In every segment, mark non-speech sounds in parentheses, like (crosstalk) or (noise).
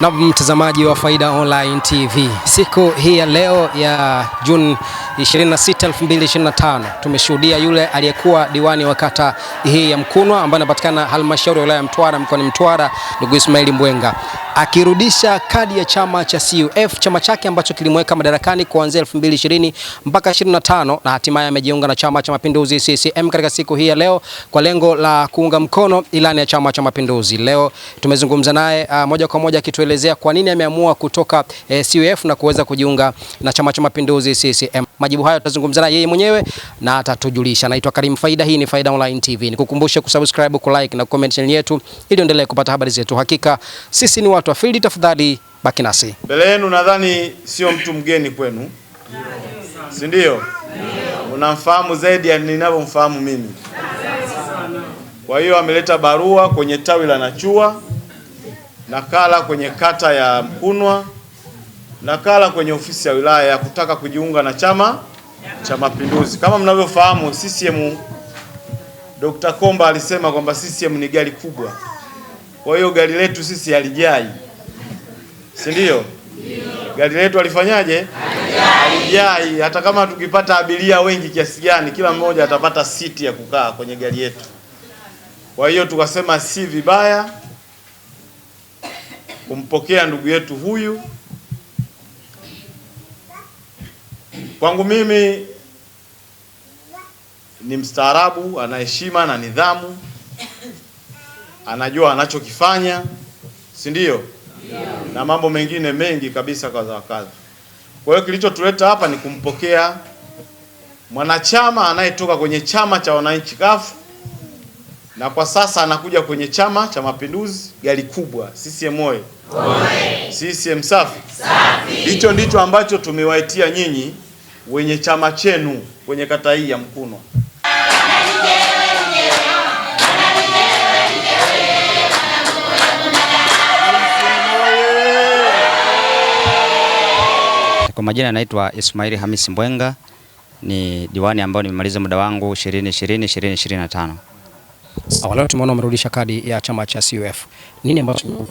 na mtazamaji wa Faida Online TV siku hii ya leo ya Juni 26 2025 tumeshuhudia yule aliyekuwa diwani wa kata hii ya Mkunwa ambaye anapatikana halmashauri ya wilaya ya Mtwara mkoani Mtwara, ndugu Ismail Mbwenga akirudisha kadi ya chama cha CUF, chama chake ambacho kilimweka madarakani kuanzia 2020 mpaka 25 na hatimaye amejiunga na chama cha mapinduzi CCM katika siku hii ya leo kwa lengo la kuunga mkono ilani ya chama cha mapinduzi. Leo tumezungumza naye uh, moja kwa moja akituelezea kwa nini ameamua kutoka eh, CUF na kuweza kujiunga na chama cha mapinduzi CCM. Majibu hayo tutazungumza na yeye mwenyewe na atatujulisha. Naitwa Karim Faida, hii ni Faida Online TV. Nikukumbushe kusubscribe, ku like na comment channel yetu ili endelee kupata habari zetu. Hakika sisi ni watu wa field, tafadhali baki nasi. Mbele yenu nadhani sio mtu mgeni kwenu, si ndio? Unamfahamu zaidi ya ninavyomfahamu mimi. Kwa hiyo ameleta barua kwenye tawi la Nachua, nakala kwenye kata ya Mkunwa nakala kwenye ofisi ya wilaya ya kutaka kujiunga na Chama cha Mapinduzi. Kama mnavyofahamu, CCM Dr. Komba alisema kwamba CCM ni gari kubwa, kwa hiyo gari letu sisi halijai, si ndio? Gari letu alifanyaje? Halijai. Hata kama tukipata abiria wengi kiasi gani, kila mmoja atapata siti ya kukaa kwenye gari yetu. Kwa hiyo tukasema si vibaya kumpokea ndugu yetu huyu Kwangu mimi ni mstaarabu, ana heshima na nidhamu, anajua anachokifanya, si ndio? na mambo mengine mengi kabisa kadha wa kadha. Kwa hiyo kilichotuleta hapa ni kumpokea mwanachama anayetoka kwenye chama cha wananchi CUF na kwa sasa anakuja kwenye chama cha mapinduzi, gari kubwa CCM e. oye! CCM safi! Safi! Hicho ndicho ambacho tumewaitia nyinyi wenye chama chenu kwenye kata hii ya Mkunwa. Kwa majina anaitwa Ismaili hamis Mbwenga, ni diwani ambayo nimemaliza muda wangu 2020 2025. Awali tumeona umerudisha kadi ya chama cha CUF. Nini ambacho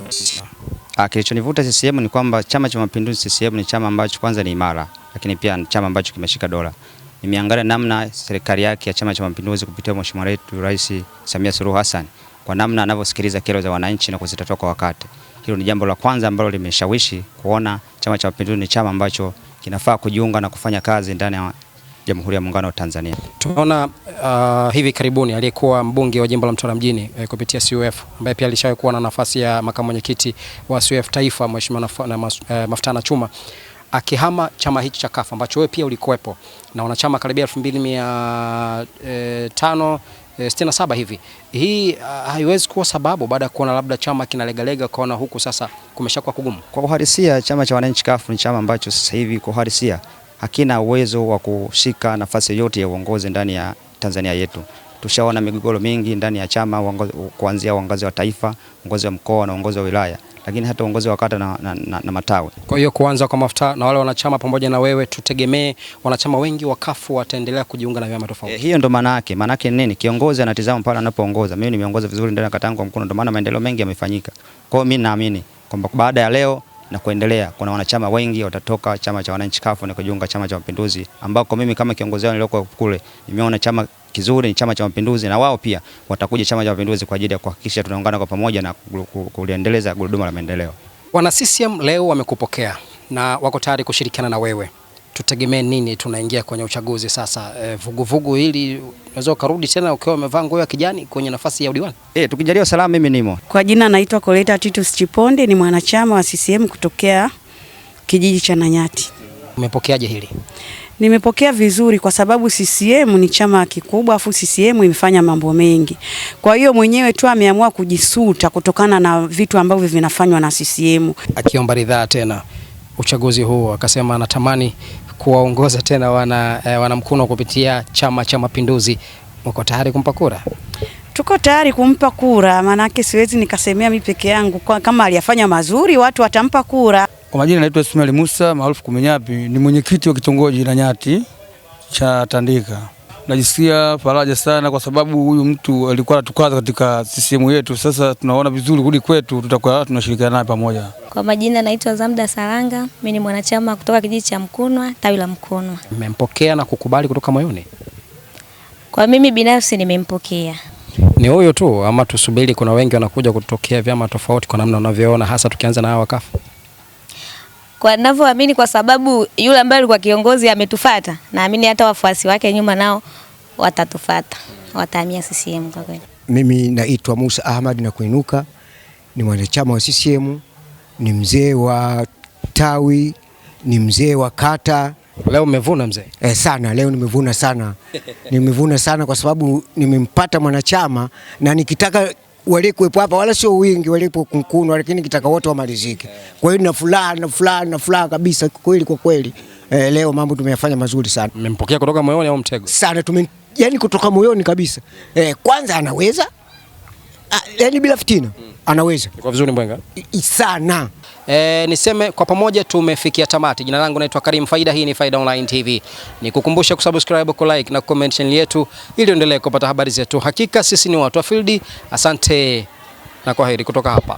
ah, kilichonivuta CCM ni kwamba Chama cha Mapinduzi CCM ni chama ambacho kwanza ni imara lakini pia chama ambacho kimeshika dola. Nimeangalia namna serikali yake ya Chama cha Mapinduzi kupitia mheshimiwa wetu Rais Samia Suluhu Hassan kwa namna anavyosikiliza kero za wananchi na kuzitatua kwa wakati. Hilo ni jambo la kwanza ambalo limeshawishi kuona Chama cha Mapinduzi ni chama ambacho kinafaa kujiunga na kufanya kazi ndani ya Jamhuri ya Muungano wa Tanzania. Tumeona uh, hivi karibuni aliyekuwa mbunge wa jimbo la Mtwara mjini eh, kupitia CUF ambaye pia alishawahi kuwa na nafasi ya makamu mwenyekiti wa CUF Taifa mheshimiwa na, na, eh, Mafatana Chuma akihama chama hichi cha Kafu ambacho wewe pia ulikuwepo na wanachama karibia 2500 eh, eh, sitini na saba hivi. Hii ah, haiwezi kuwa sababu baada ya kuona labda chama kinalegalega, ukaona huku sasa kumeshakuwa kugumu. Kwa uhalisia, chama cha wananchi Kafu ni chama ambacho sasa hivi kwa uhalisia hakina uwezo wa kushika nafasi yoyote ya uongozi ndani ya Tanzania yetu tushaona migogoro mingi ndani ya chama kuanzia uongozi wa taifa, uongozi wa mkoa na uongozi wa wilaya, lakini hata uongozi wa kata na, na, na, na matawi. Kwa hiyo kuanza kwa mafuta na wale wanachama pamoja na wewe, tutegemee wanachama wengi wa kafu wataendelea kujiunga na vyama tofauti. E, hiyo ndo maana yake. Maana yake nini? Kiongozi anatizama pale anapoongoza. Mimi nimeongoza vizuri ndani ya kata yangu mkono, ndo maana maendeleo mengi yamefanyika. Kwa hiyo mimi naamini kwamba baada ya leo na kuendelea kuna wanachama wengi watatoka chama cha wananchi kafu na kujiunga chama cha mapinduzi, ambako mimi kama kiongozi wao nilioko kule nimeona chama kizuri ni Chama cha Mapinduzi, na wao pia watakuja Chama cha Mapinduzi kwa ajili ya kuhakikisha tunaungana kwa pamoja na kuliendeleza gurudumu la maendeleo. Wana CCM leo wamekupokea na wako tayari kushirikiana na wewe, tutegemee nini? Tunaingia kwenye uchaguzi sasa, eh, vuguvugu e, hili unaweza ukarudi tena ukiwa umevaa nguo ya kijani kwenye nafasi ya udiwani e, eh, tukijaliwa salama. Mimi nimo kwa jina naitwa Koleta Titus Chiponde, ni mwanachama wa CCM kutokea kijiji cha Nanyati. Umepokeaje hili? Nimepokea vizuri kwa sababu CCM ni chama kikubwa, afu CCM imefanya mambo mengi. Kwa hiyo mwenyewe tu ameamua kujisuta kutokana na vitu ambavyo vinafanywa na CCM. Akiomba ridhaa tena uchaguzi huu, akasema anatamani kuwaongoza tena wana, eh, wanamkuno kupitia Chama cha Mapinduzi. Mko tayari kumpa kura? Tuko tayari kumpa kura, maanake siwezi nikasemea mi peke yangu. Kama aliyafanya mazuri, watu watampa kura. Kwa majina naitwa Ismail Musa maarufu Kumenyapi, ni mwenyekiti wa kitongoji Nanyati cha Tandika. Najisikia faraja sana kwa sababu huyu mtu alikuwa anatukaza katika sisimu yetu. Sasa tunaona vizuri kurudi kwetu, tutakuwa tunashirikiana naye pamoja. Kwa majina naitwa Zamda Saranga, mimi ni mwanachama kutoka kijiji cha Mkunwa, tawi la Mkunwa. Mmempokea na kukubali kutoka moyoni? Kwa mimi binafsi nimempokea. Ni huyo tu ama tusubiri kuna wengi wanakuja kutokea vyama tofauti, kwa namna unavyoona, hasa tukianza na hawa kafu kwa ninavyoamini, kwa sababu yule ambaye alikuwa kiongozi ametufata, naamini hata wafuasi wake nyuma nao watatufata, watahamia CCM kwa kweli. Mimi naitwa Musa Ahmad na kuinuka, ni mwanachama wa CCM, ni mzee wa tawi, ni mzee wa kata. Leo umevuna mzee? Eh, sana leo nimevuna sana (laughs) nimevuna sana kwa sababu nimempata mwanachama na nikitaka walikuwepo hapa wala sio wingi walipo kunkunu, lakini kitaka wote wamalizike. Kwa hiyo na furaha na furaha na furaha kabisa kweli kwa kweli. Eh, leo mambo tumeyafanya mazuri sana. Mmempokea kutoka moyoni au mtego? Sana tume yani kutoka moyoni kabisa. Eh, kwanza anaweza ah, yani bila fitina anaweza kwa vizuri Mbwenga sana. E, niseme kwa pamoja tumefikia tamati. Jina langu naitwa Karim Faida, hii ni Faida Online TV. Nikukumbusha kusubscribe, ku like na comment channel yetu ili uendelee kupata habari zetu. Hakika sisi ni watu wa field. Asante na kwaheri kutoka hapa.